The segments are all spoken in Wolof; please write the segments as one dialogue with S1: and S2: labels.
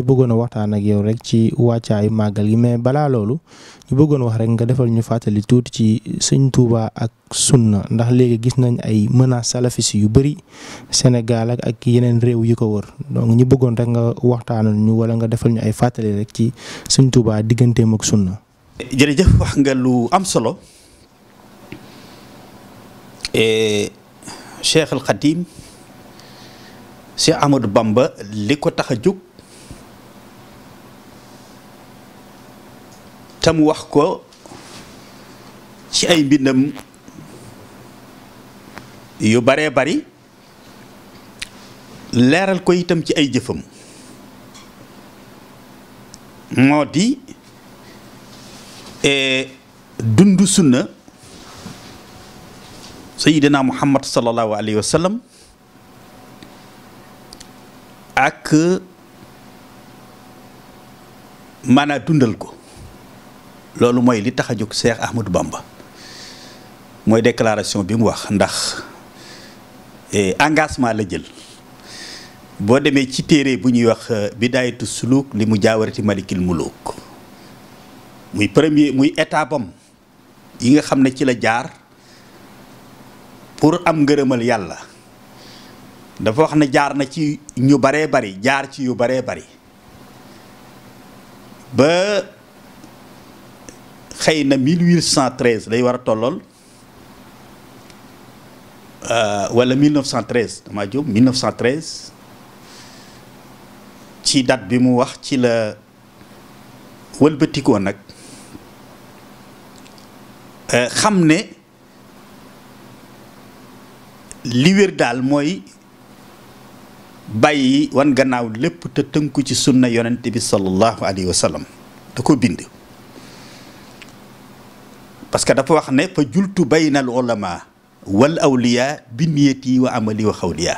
S1: dañuy bëggoon a waxtaan ak yow rek ci wàccaayu màggal gi mais balaa loolu ñu bëggoon wax rek nga defal ñu fàttali tuuti ci sëñ Touba ak sunna ndax léegi gis nañ ay menaces salafistes yu bëri Sénégal ak ak yeneen réew yi ko wër donc ñu bëggoon rek nga waxtaanal ñu wala nga defal ñu ay fàttali rek ci sëñ Touba digganteem ak sunna. jërëjëf wax nga lu am solo e, Cheikh Al Khadim Cheikh Amadou Bamba li ko tax a jóg. tam wax ko ci ay mbindam yu baree bari leeral ko itam ci ay jëfam moo di e, dund sunna sayidina muhammad sallallahu alayhi wa sallam ak maanaa dundal ko loolu mooy li tax a jóg Cheikh ahmadu Bamba mooy déclaration bi mu wax ndax eh, engagement la jël boo demee ci téere bu ñuy wax eh, bidaayatu suluk li mu jaawarati malikil muluk muy premier muy étape am yi nga xam ne ci la jaar pour am ngërëmal yàlla dafa wax ne jaar na ci ñu baree bari jaar ci yu baree bari ba xëy na 1813 lay war a tollool euh, wala 1913 damaa jóg ci dat bi mu wax ci la walbatikoo nag euh, xam ne li wér daal mooy bàyyi wan gannaaw lépp te tënku ci sunna yonent bi sallallahu alayhi wa da ko bind parce que dafa wax ne fa jultu bayna al ulama wal awliya bi niyati wa amali wa xawliya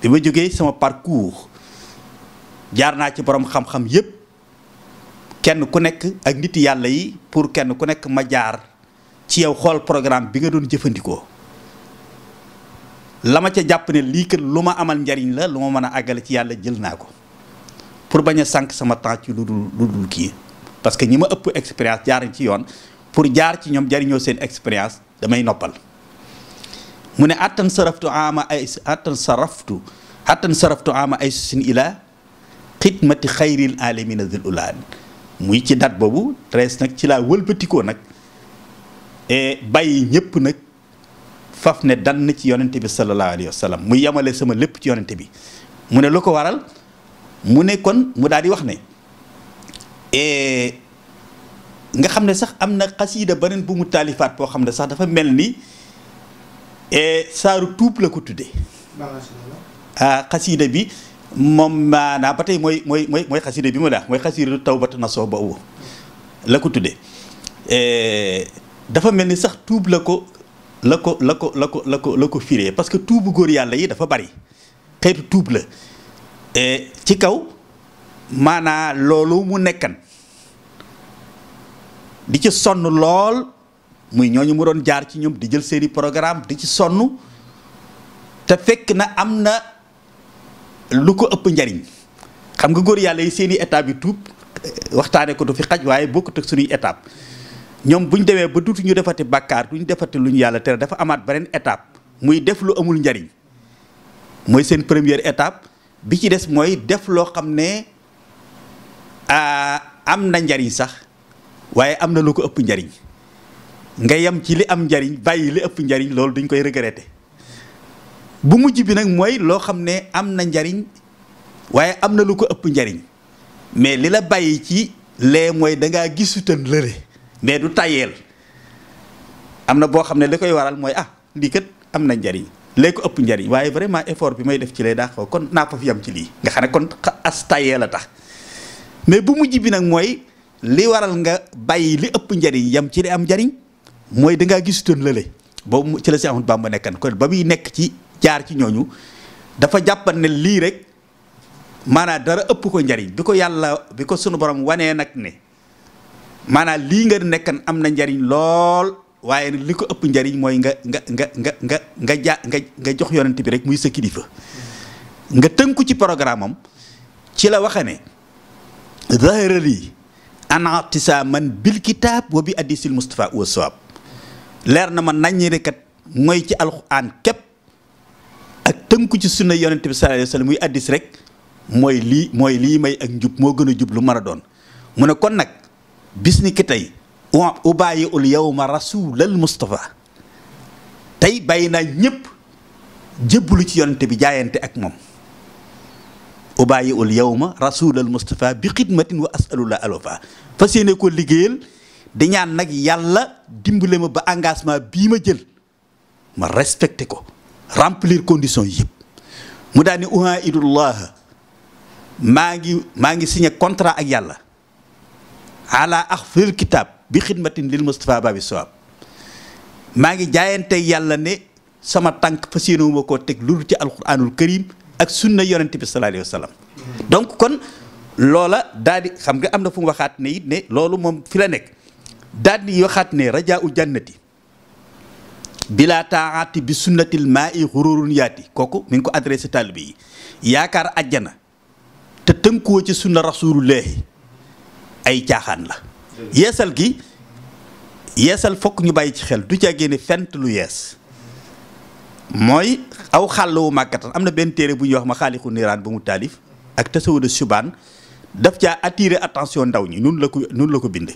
S1: bi ma jógee sama parcours jaar naa ci borom xam-xam yépp kenn ku nekk ak nit yàlla yi pour kenn ku nekk ma jaar ci yow xool programme bi nga doon jëfandikoo la ma ca jàpp ne lii kat lu ma amal njariñ la lu ma mën a àggale ci yàlla jël naa ko pour bañ a sànq sama temps ci lu dul lu dul kii parce que ñi ma ëpp expérience jaar ci yoon pour jaar ci ñoom jariñoo seen expérience damay noppal mu ne àttan attan saraftu ama ay attan saraftu attan saraftu ama ay sin ila xidmati xayril alamina zil ulaan muy ci date boobu treize nag ci laa wëlbatikoo nag e bàyyi ñëpp nag faf ne dan na ci yonente bi sallallahu alayhi wa sallam mu yemale sama lépp ci yonente bi mu ne lu ko waral mu ne kon mu daal di wax ne e nga xam ne sax am na xasiida beneen bu mu taalifaat boo xam ne sax dafa mel ni e saaru tuub la ko tuddee ah xasiida bi moom maanaam ba tey mooy mooy mooy mooy xasiida bi ma daa mooy xasiida tawbat nasoo ba wo la ko tudde e dafa mel ni sax tuub la ko la ko la ko la ko la ko la ko firee parce que tuubu góor yàlla yi dafa bari xeetu tuub la e ci kaw maanaa loolu mu nekkan di ci sonn lool muy ñooñu mu doon jaar ci ñoom di jël seeni programme di ci sonn te fekk na am na lu ko ëpp njariñ xam nga góor yàlla yi seeni étape yi tuub eh, waxtaane ko du fi xaj waaye boo bokkut ak suñuy étape ñoom bu ñu demee ba duutu ñu defati bàkkaar ñu defate lu ñu yàlla tere dafa amaat beneen étape muy def lu amul njariñ mooy seen première étape bi ci des mooy def loo xam ne ah, am na njariñ sax waaye am na lu ko ëpp njariñ nga yem ci li am njariñ bàyyi li ëpp njariñ loolu duñ koy regretter bu mujj bi nag mooy loo xam ne am na njariñ waaye am na lu ko ëpp njariñ mais li la bàyyi ci lee mooy dangaa gisutan lële mais du tayeel am na boo xam ne li koy waral mooy ah lii am na njariñ lee ko ëpp njariñ waaye vraiment effort bi may def ci lay daa xaw kon naa ko fi yam ci lii nga xam ne kon as tayeel a tax mais bu mujj bi nag mooy li waral nga bàyyi li ëpp njariñ yam ci li am njariñ mooy dangaa gisutoon lële boobu ci la Seex Ahmadu ma nekkan kon ba muy nekk ci jaar ci ñooñu dafa jàppal ne lii rek maanaa dara ëpp ko njariñ bi ko yàlla bi ko sunu borom wanee nag ne maanaam lii nga nekkan am na njariñ lool waaye li ko ëpp njariñ mooy nga nga nga nga nga nga nga jox yonent bi rek muy sa kilifa nga tënku ci programme ci la waxe ne anatisaman bil kitaab wa bi addisil mustafa wa sawab leer na ma naññi rekat mooy ci alxuraan képp ak tënku ci sunna yonente bi sallallahu alayhi wasallam muy addis rek mooy lii mooy lii may ak njub moo gën a jub lu mën a doon mu ne kon nag bis tey ubaayi ul yawma rasulal mustafa tey bàyyi naa ñëpp jébbalu ci yonente bi jaayante ak moom ubaayi ul yawma rasulal Moustapha bi xidmatin wa asalullah alofa fas yéene ko liggéeyal di nag yàlla dimbale ma ba engagement bi ma jël ma respecté ko remplir condition yëpp mu daal ni uhaidullah maa ngi maa ngi signé contrat ak yàlla ala axfil kitab bi xidmatin lil Moustapha babi sawab maa ngi jaayante yàlla ne sama tànk fas yéene wu ma koo teg lu dul ci alquranul karim ak sunna yonent bi sallallahu alayhi donc kon loola daal di xam nga am na fu waxaat ne it ne loolu moom fi la nekk daal di waxaat ne rajaa u jannati bila taaati bi sunnatil maa i xururun yaati kooku mi ngi ko adressé taalibe yi yaakaar ajjana te tënkuwoo ci sunna rasulullahi ay caaxaan la yeesal gi yeesal fokk ñu bàyyi ci xel du ca génne fent lu yees mooy aw xàll wu màggatan am na benn téere bu ñuy wax ma xaalixu niiraan bu mu taalif ak tasawuda subaan def caa attirer attention ndaw ñi nun la ko nun la ko bind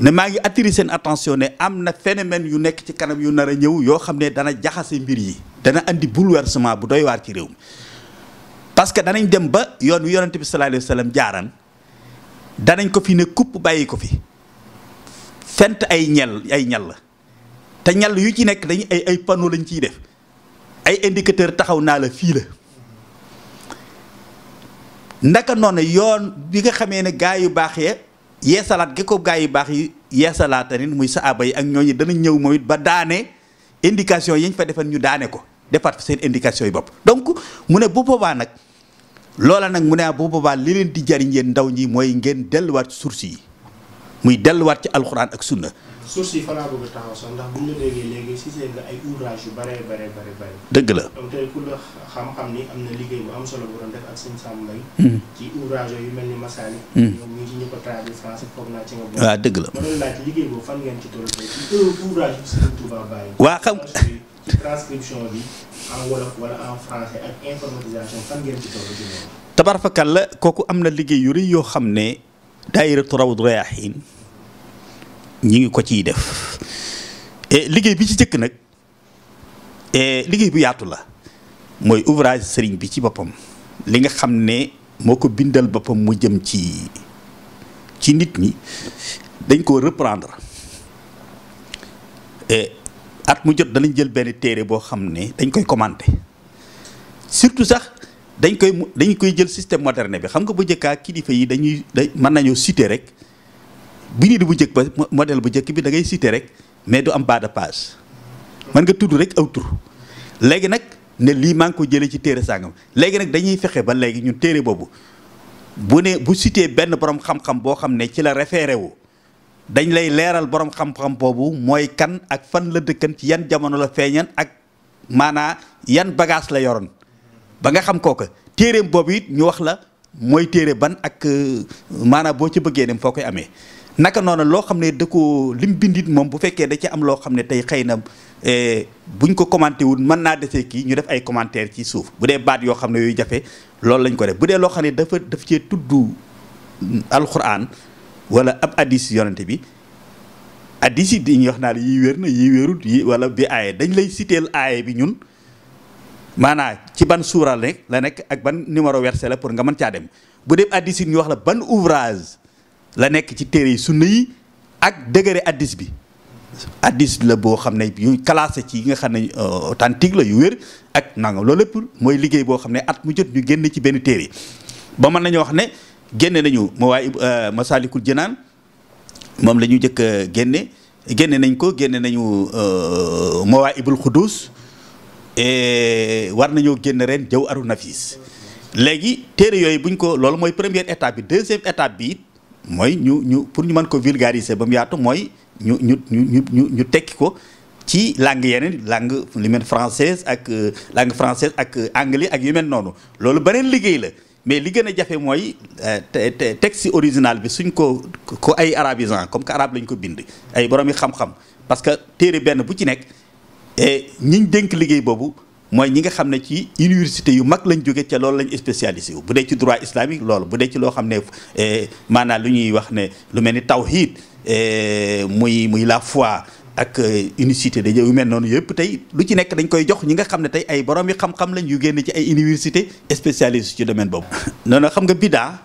S1: ne maa ngi attire seen attention ne am na phénomène yu nekk ci kanam yu nar a ñëw yoo xam ne dana jaxase mbir yi dana indi andi bouleversement bu doy waar ci réew mi parce que danañ dem ba yoon wi yonente bi sallallahu alayhi wa sallam jaaran danañ ko fi ne kupp bàyyi ko fi fent ay ñel ay ñal te ñal yu ci nekk dañu ay ay panneau lañ ciy def ay indicateur taxaw naa la fii la ndaka noonu yoon bi nga xamee ne gaa yu baax ye yeesalaat gi ko gaa yu baax yi yeesalaat nit muy sa abay ak ñooñu dana ñëw moom it ba daane indication yi ñu fa defan ñu daane ko defaat seen indication yi bopp donc mu ne bu boobaa nag loola nag mu ne bu boobaa li leen di jariñ yéen ndaw ñi mooy ngeen delluwaat source yi muy delluwaat ci alxuraan ak sunna. source yi fa laa bëgg a taxaw sax ndax bu ñu la déggee léegi cité nga ay ouvrage yu bare bare bare bare. dëgg la donc tey ku la xam-xam ni am na liggéey bu am solo bu doon def ak sëñ Sam Mbaye. Hmm. ci ouvrage yu mel ni Masali. Hmm. ñoom ñu ci ñu ko traduit français foog naa ci nga bokk. waaw ah, dëgg la ma doon laaj liggéey boobu fan ngeen ci toll tey ci ouvrage bi sëñ Touba Baye. waa xam ci transcription bi en wolof wala en français ak informatisation fan ngeen ci toll ci loolu. tabarfakal la kooku am na liggéey yu rëy yoo xam ne. daayiratu Rawdu Rayaahiin ñi ngi ko ciy def liggéey bi ci jëkk nag liggéey bu yaatu la mooy ouvrage sëriñ bi ci boppam li nga xam ne moo ko bindal boppam mu jëm ci ci nit ñi dañ koo reprendre at mu jot danañ jël benn téere boo xam ne dañ koy commenter surtout sax dañ koy dañ koy jël système moderne bi xam nga bu njëkkaa kilifa yi dañuy da mën nañoo citer rek bu ñu di bu njëkk ba modèle bu njëkk bi da ngay citer rek mais du am bas de page mën nga tudd rek aw tur léegi nag ne lii maa ngi ko jëlee ci téere sàngam léegi nag dañuy fexe ba léegi ñun téere boobu bu ne bu cité benn borom xam-xam boo xam ne ci la référé wu dañ lay leeral borom xam-xam boobu mooy kan ak fan la dëkkan ci yan jamono la feeñal ak maanaa yan bagage la yoroon ba nga xam kooka téereem boobu it ñu wax la mooy téere ban ak euh, maanaam boo ci bëggee dem foo koy amee naka noonu loo xam ne da ko lim bindit moom bu fekkee da ci am loo xam ne tey xëy na eh, buñ ko commenté wul mën naa defee kii ñu def ay commentaire ci suuf bu dee baat yoo xam ne yooyu jafe loolu lañ ko def bu dee loo xam ne dafa daf cee tudd alxuraan wala ab addis yonante bi addis yi dañuy wax naa la yii wér na yii wérul yi wala bi aaye dañ lay siteel aaye bi ñun maanaam ci ban suura la la nekk ak ban numéro verset la pour nga mën caa dem bu dem addis yi ñu wax la ban ouvrage la nekk ci téere yi sunna yi ak dëgëre addis bi addis la boo xam ne yu classé ci yi nga xam ne euh, authentique la yu wér ak nangam loolu lépp mooy liggéey boo xam ne at mu jot ñu génn ci benn téere ba mën nañu wax ne génne nañu ma waaye euh, Masaalikul Jinaan moom la njëkk a génne génne nañ ko génne nañu euh, Mawaahibul Xuduus Eh, war nañoo génn ren jëw aru nafis léegi téere yooyu buñ ko loolu mooy première étape bi deuxième étape bi mooy ñu ñu pour ñu mën ko vulgariser ba mu yaatu mooy ñu ñu ñu ñu ñu tekki ko ci langue yeneen langue li mel française ak euh, langue française ak euh, anglais ak yu mel noonu loolu beneen liggéey la mais li gën a jafe mooy euh, texte original bi suñ ko ko ay arabisant comme que arab lañ ko bind ay borom xam-xam parce que téere benn bu ci nekk. et ñiñ dénk liggéey boobu mooy ñi nga xam ne ci université yu mag lañ jóge ca loolu lañ spécialisé wu bu dee ci droit islamique loolu bu dee ci loo xam ne eh, maanaam lu ñuy wax ne lu mel ni tawhid eh, muy muy la fois ak eh, unicité dañu yu mel noonu yëpp tey lu ci nekk dañ koy jox ñi nga xam ne tey ay borom yi xam-xam lañ yu génn ci ay université spécialisé ci domaine boobu noonu xam nga bidaa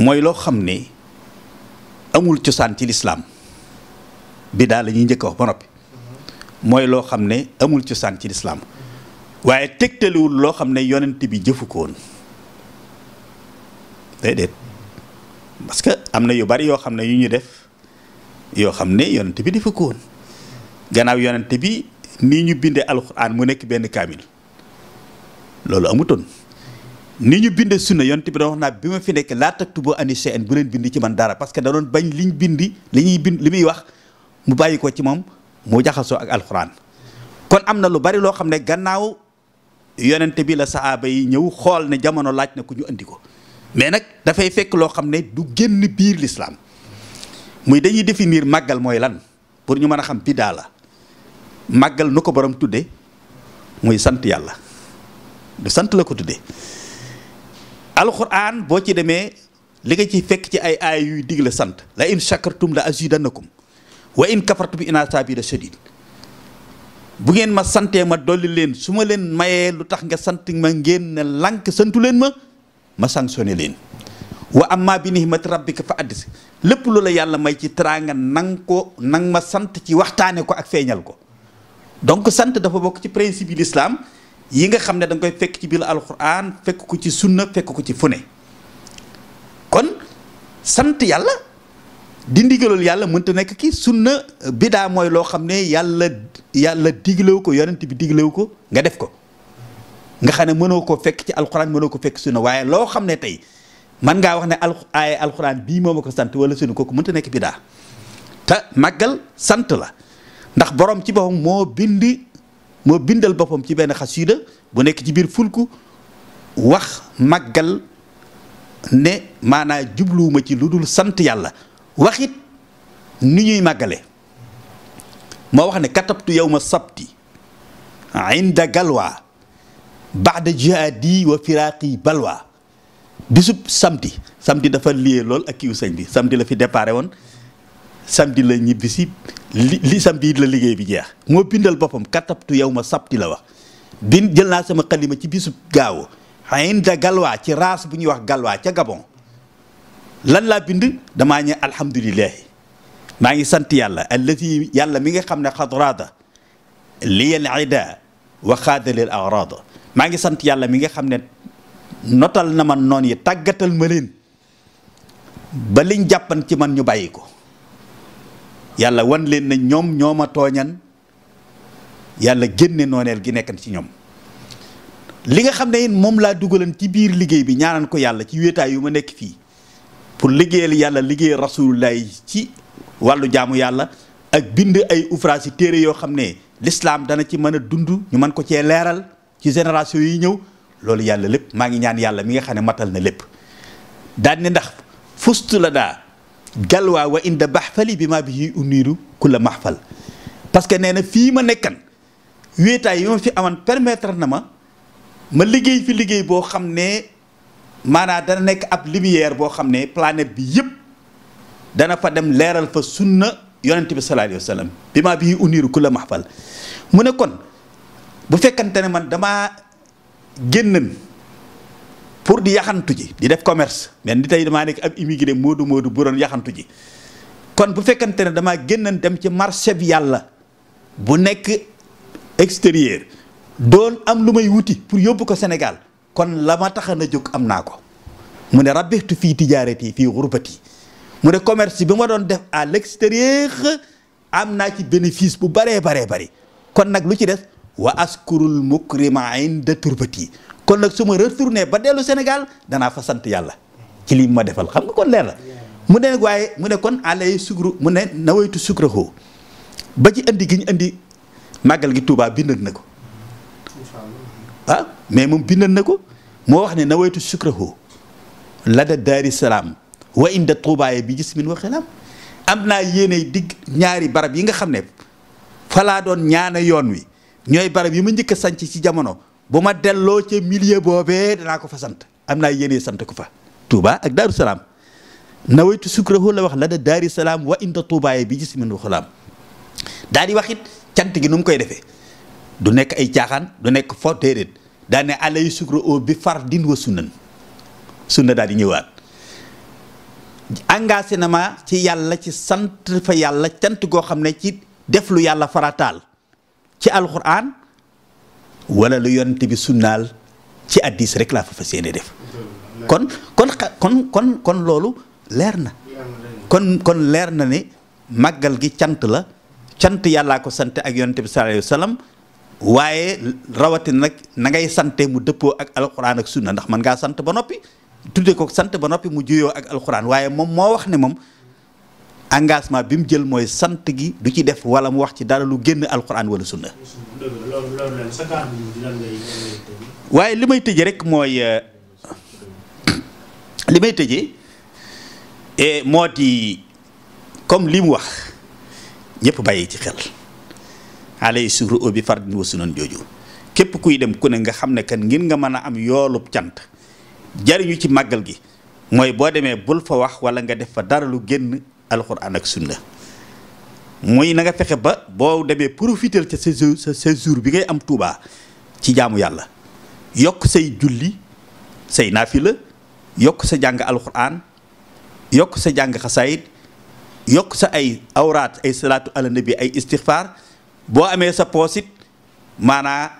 S1: mooy loo xam ne amul cosaan ci lislaam bidaa daal lañuy njëkk wax noppi mooy loo xam ne amul cosaan ci lislaam waaye tegtaliwul loo xam ne yonent bi jëfukoon ko woon déedéet parce que am na yu bari yoo xam ne yu ñu def yoo xam ne yonent bi defu gannaaw yonent bi nii ñu bindee alxuraan mu nekk benn kaamil loolu amutoon ni ñu bind sunna yonent bi da wax naa bi ma fi nekk laa taktubu ani shay'an bu leen bind ci man dara parce que da doon bañ liñ bindi li ñuy bind li muy wax mu bàyyi ko ci moom mu jaxasoo ak alxuraan kon am na lu bari loo xam ne gannaaw yonent bi la sahaaba yi ñëw xool ne jamono laaj na ku ñu indi ko mais nag dafay fekk loo xam ne du génn biir lislaam muy dañuy définir màggal mooy lan pour ñu mën a xam biddaa la màggal nu ko boroom tudde muy sant yàlla sant la ko tudde alxuraan boo ci demee li nga ci fekk ci ay ay yuy digle sant la in shakartum la azidannakum wa in kafartum in asabi la shadid bu ngeen ma santee ma dolli leen su ma leen mayee lu tax nga sant ma ngeen ne lànk santu leen ma ma sanctionné leen wa amma bi nihmati rabbika fa lépp lu la yàlla may ci teraanga nang ko nang ma sant ci waxtaane ko ak feeñal ko donc sant dafa bokk ci principe yi l'islam yi nga xam ne danga koy fekk ci biir alxuraan fekk ko ci sunna fekk ko ci fune kon sant yàlla di ndigalul yàlla mënta nekk ki sunna bidaa mooy loo xam ne yàlla yàlla diglewu ko yonent bi diglewu ko nga def ko nga xam ne mënoo koo fekk ci alxuraan mënoo ko fekk sunna waaye loo xam ne tey man ngaa wax ne al aaye alxuraan bii moom ma ko sant wala sunna kooku mënta nekk bidaa te maggal sant la ndax borom ci boppam moo bind moo bindal boppam ci benn xasida bu nekk ci biir fulku wax màggal ne maanaa jubluwuma ci lu dul sant yàlla waxit ni ñuy màggale moo wax ne katabtu yawma sabti inda galwa baada jihaadi wa firaaqi balwa bisub samedi samedi dafa lié lool ak kiiw sëñ bi samedi la fi déparé woon samedi la ñibbisi li li samedi la liggéey bi jeex moo bindal boppam katabtu yow ma sabti la wax bin jël naa sama xalima ci bisu gaaw inda galwaa ci raas bu ñuy wax galwaa ca Gabon lan laa bind damaa ñe alhamdulilahi maa ngi sant yàlla allati yàlla mi nga xam ne xadrada liyal ida wa xaadalil arada maa ngi sant yàlla mi nga xam ne nottal na man noon yi tàggatal ma leen ba liñ jàppan ci man ñu bàyyi ko yàlla wan leen na ñoom ñoo ma tooñan yàlla génne nooneel gi nekkan ci ñoom li nga xam ne it moom laa dugalan ci biir liggéey bi ñaanaan ko yàlla ci wéetaay yu ma nekk fii pour liggéeyal yàlla liggéeyal rasulullah ci wàllu jaamu yàlla ak bind ay ouvrage yi téere yoo xam ne lislaam dana ci mën a dund ñu mën ko cee leeral ci génération yi ñëw loolu yàlla lépp maa ngi ñaan yàlla mi nga xam ne matal na lépp daan ndax fustu la daa jalwaa wa inda baxfali bi maa bi uniiru kulla maxfal parce que nee na fii ma nekkan wéetaay yi ma fi amoon permettre na ma ma liggéey fi liggéey boo xam ne maanaam dana nekk ab lumière boo xam ne planète bi yëpp dana fa dem leeral fa sunna yonent bi sallallahu alayhi bi maa bi uniiru kulla maxfal mu ne kon bu fekkante ne man damaa génnan pour di yaxantu ci di def commerce mais ni tey damaa nekk ab immigré moodu moodu bu doon yaxantu ci kon bu fekkante ne damaa génnan dem ci marché bi yàlla bu nekk extérieur doon am lu may wuti pour yóbbu ko Sénégal kon la ma taxan na jóg am naa ko mu ne rabixtu fii tijaarati fii xurbati mu ne commerce bi ma doon def à l'extérieur am naa ci bénéfice bu baree baree bari kon nag lu ci des wa askurul mukrima inda yi kon nag su ma retourné ba dellu Sénégal danaa fa sant yàlla ci lii ma defal xam nga kon leer la mu ne waaye mu ne kon alay sukru mu ne na nawaytu sukrahu ba ci indi gi ñu indi màggal gi Touba bindal na ko ah, mais moom bindal na ko moo wax ne nawaytu sukrahu lada daari salaam wa inda tuubaaye bi jismin wa xilaam am naa yéene digg ñaari barab yi nga xam ne falaa doon ñaana yoon wi ñooy barab yi ma njëkk a sanc ci jamono bu ma delloo ci millier boobee danaa ko fa sant am naa yéene sant ko fa Touba ak Daaru Salaam nawaytu sukrahu la wax la da daari salaam wa inda tuubaaye bi gis min waxulaam daa di wax it cant gi nu mu koy defee du nekk ay caaxaan du nekk fo déedéet daa ne alay sukra o bi far din wa sunnan sunna daal di ñëwaat engagé na ma ci yàlla ci sant fa yàlla cant goo xam ne ci def lu yàlla farataal ci alquran wala lu yonent bi sunnaal ci addis rek laa fa fas yéene def kon kon kon kon loolu leer na kon kon leer na ne màggal gi cant la cant yàllaa ko sant ak yonent bi sallallahu alayhi wa waaye rawatina nag na ngay sante mu dëppoo ak alxuraan ak sunna ndax mën ngaa sant ba noppi tudde ko sant ba noppi mu juyoo ak alxuraan waaye moom moo wax ne moom engagement bi mu jël mooy sant gi du ci def wala mu wax ci dara lu génn alxuraan wala sunna waaye li may tëje rek mooy euh, li may tëje moo di comme li mu wax ñëpp bàyyi ci xel alay suru bi fardin wa sunan jooju képp kuy dem ku ne nga xam ne kan ngir nga mën a am yoolub cant jariñu ci màggal gi mooy boo demee bul fa wax wala nga def fa dara lu génn alxuraan ak sunna mooy na fexe ba boo demee profiter ca sa sa séjour bi ngay am Touba ci jaamu yàlla yokk say julli say naafila yokk sa jàng alxuraan yokk sa jàng xasaayid yokk sa ay awraat ay salaatu ala bi ay istixfaar boo amee sa poosit maanaa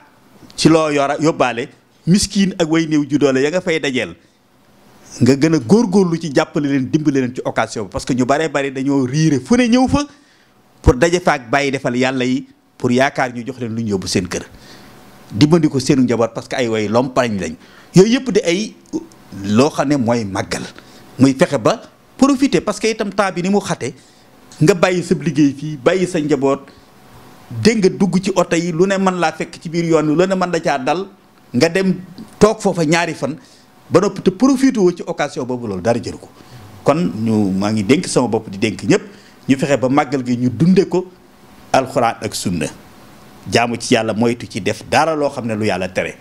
S1: ci loo yor a yóbbaale miskiin ak way néew ju doole ya nga fay dajeel nga gën a góorgóorlu ci jàppale leen dimbale leen ci occasion bi parce que ñu bare bari dañoo riire fu ne ñëw fa pour daje fa ak bàyyi defal yàlla yi pour yaakaar ñu jox leen lu ñu yóbbu seen kër dimbali ko seenu njaboot parce que ay way lompañ lañ yooyu yëpp di ay loo xam ne mooy màggal muy fexe ba profiter parce que itam temps bi ni mu xate nga bàyyi sa liggéey fii bàyyi sa njaboot dégg nga dugg ci oto yi lu ne mën laa fekk ci biir yoon wi lu ne mën la caa dal nga dem toog foofa ñaari fan ba nopp te profité woo ci occasion boobu loolu dara jëru ko kon ñu maa ngi dénk sama bopp di dénk ñëpp ñu fexe ba màggal gi ñu dunde ko alxuraan ak sunna jaamu ci yàlla moytu ci def dara loo xam ne lu yàlla tere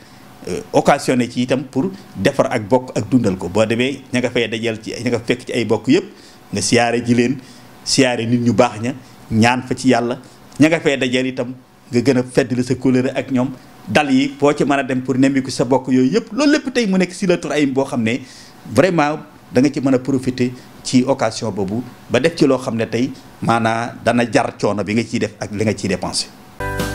S1: euh, ne ci itam pour defar ak bokk ak dundal ko boo demee ña nga fay dajal ci ña nga fekk ci ay bokk yëpp nga siyaare ji leen siyaare nit ñu baax ña ñaan fa ci yàlla ña nga fay dajal itam nga gën a feddali sa kóllëre ak ñoom dal yi foo ci mën a dem pour nemmiku sa bokk yooyu yëpp loolu lépp tey mu nekk si la tur ayim boo xam ne vraiment da nga ci mën a profiter ci occasion boobu ba def ci loo xam ne tey maanaa dana jar coono bi nga ciy def ak li nga ciy dépensé